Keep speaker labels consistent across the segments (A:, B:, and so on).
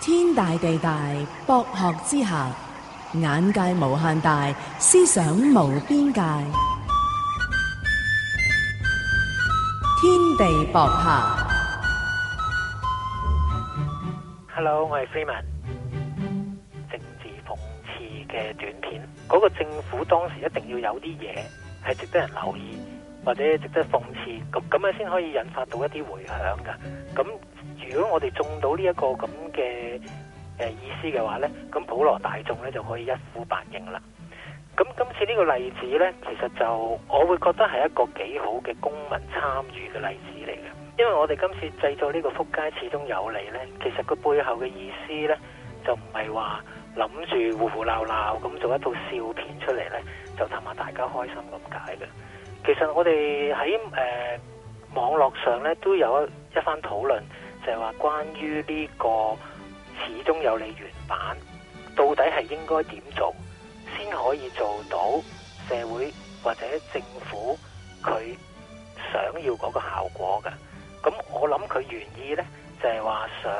A: 天大地大，博學之下眼界無限大，思想無邊界。天地博客，Hello，我係 Freeman。政治諷刺嘅短片，嗰、那個政府當時一定要有啲嘢係值得人留意。或者值得諷刺，咁咁樣先可以引發到一啲迴響㗎。咁如果我哋中到呢一個咁嘅誒意思嘅話呢，咁普羅大眾呢就可以一呼百應啦。咁今次呢個例子呢，其實就我會覺得係一個幾好嘅公民參與嘅例子嚟嘅，因為我哋今次製作呢個福佳始終有利呢，其實個背後嘅意思呢，就唔係話。諗住胡胡鬧鬧咁做一套笑片出嚟呢，就氹下大家開心咁解嘅。其實我哋喺誒網絡上呢，都有一番討論，就係話關於呢個始終有你原版，到底係應該點做，先可以做到社會或者政府佢想要嗰個效果嘅。咁我諗佢願意呢，就係話想、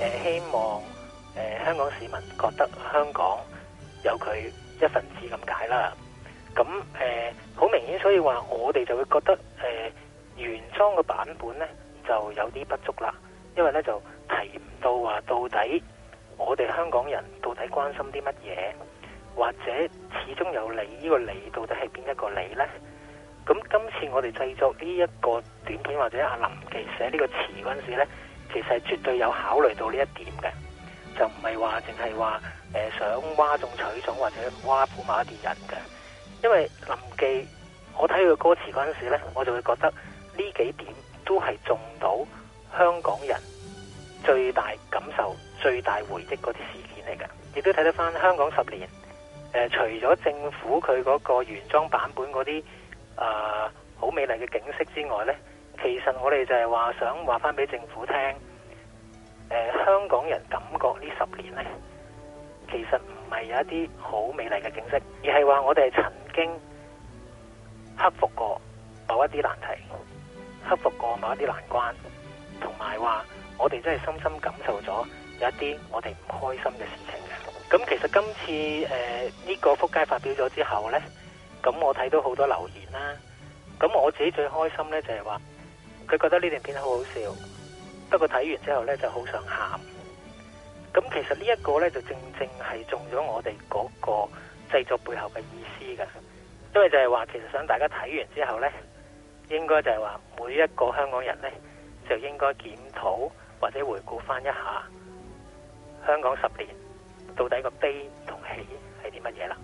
A: 呃、希望。誒、呃，香港市民覺得香港有佢一份子咁解啦。咁、嗯、誒，好、呃、明顯，所以話我哋就會覺得誒、呃，原裝嘅版本呢就有啲不足啦。因為呢就提唔到話到底我哋香港人到底關心啲乜嘢，或者始終有你呢、呢個「你」到底係邊一個「你」呢？咁今次我哋製作呢一個短片或者阿林奇寫呢個詞嗰陣時呢，其實係絕對有考慮到呢一點嘅。就唔係話淨係話誒，想嘩眾取寵或者嘩古罵一啲人嘅，因為林記我睇佢歌詞嗰陣時咧，我就會覺得呢幾點都係中到香港人最大感受、最大回憶嗰啲事件嚟嘅，亦都睇得翻香港十年。誒、呃，除咗政府佢嗰個原裝版本嗰啲誒好美麗嘅景色之外咧，其實我哋就係話想話翻俾政府聽。誒、呃，香港人感覺呢十年呢，其實唔係有一啲好美麗嘅景色，而係話我哋曾經克服過某一啲難題，克服過某一啲難關，同埋話我哋真係深深感受咗有一啲我哋唔開心嘅事情嘅。咁其實今次誒呢、呃這個福佳發表咗之後呢，咁我睇到好多留言啦。咁我自己最開心呢，就係話，佢覺得呢段片好好笑。不過睇完之後咧，就好想喊，咁其實呢一個咧，就正正係中咗我哋嗰個製作背後嘅意思㗎，因為就係話其實想大家睇完之後咧，應該就係話每一個香港人咧，就應該檢討或者回顧翻一下香港十年到底個悲同喜係啲乜嘢啦。